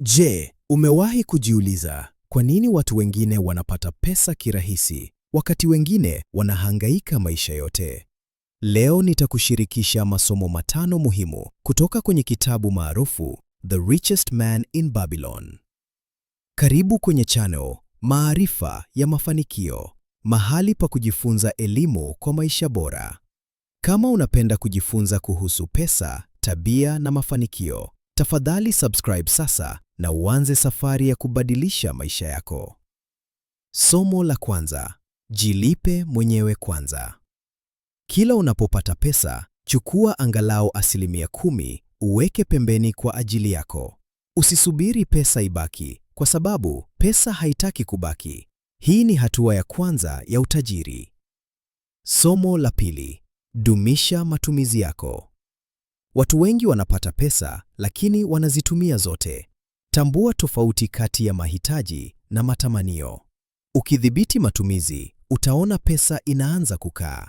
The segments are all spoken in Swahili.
Je, umewahi kujiuliza kwa nini watu wengine wanapata pesa kirahisi wakati wengine wanahangaika maisha yote? Leo nitakushirikisha masomo matano muhimu kutoka kwenye kitabu maarufu The Richest Man in Babylon. Karibu kwenye channel Maarifa ya Mafanikio, mahali pa kujifunza elimu kwa maisha bora. Kama unapenda kujifunza kuhusu pesa, tabia na mafanikio, tafadhali subscribe sasa na uanze safari ya kubadilisha maisha yako. Somo la kwanza: jilipe mwenyewe kwanza. Kila unapopata pesa, chukua angalau asilimia kumi uweke pembeni kwa ajili yako. Usisubiri pesa ibaki, kwa sababu pesa haitaki kubaki. Hii ni hatua ya kwanza ya utajiri. Somo la pili: dumisha matumizi yako. Watu wengi wanapata pesa, lakini wanazitumia zote. Tambua tofauti kati ya mahitaji na matamanio. Ukidhibiti matumizi, utaona pesa inaanza kukaa.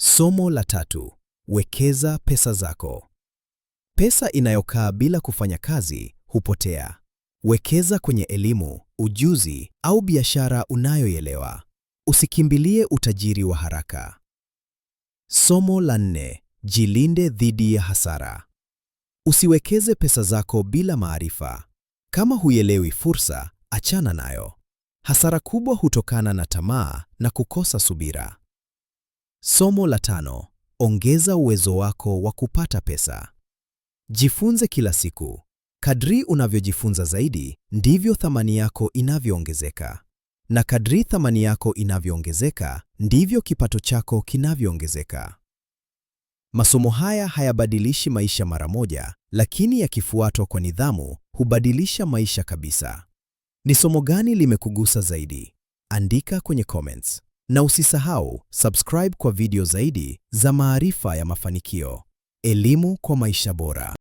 Somo la tatu: wekeza pesa zako. Pesa inayokaa bila kufanya kazi hupotea. Wekeza kwenye elimu, ujuzi au biashara unayoelewa. Usikimbilie utajiri wa haraka. Somo la nne: jilinde dhidi ya hasara. Usiwekeze pesa zako bila maarifa. Kama huielewi fursa, achana nayo. Hasara kubwa hutokana na tamaa na kukosa subira. Somo la tano: ongeza uwezo wako wa kupata pesa. Jifunze kila siku. Kadri unavyojifunza zaidi, ndivyo thamani yako inavyoongezeka, na kadri thamani yako inavyoongezeka, ndivyo kipato chako kinavyoongezeka. Masomo haya hayabadilishi maisha mara moja, lakini yakifuatwa kwa nidhamu hubadilisha maisha kabisa. Ni somo gani limekugusa zaidi? Andika kwenye comments. Na usisahau subscribe kwa video zaidi za maarifa ya mafanikio. Elimu kwa maisha bora.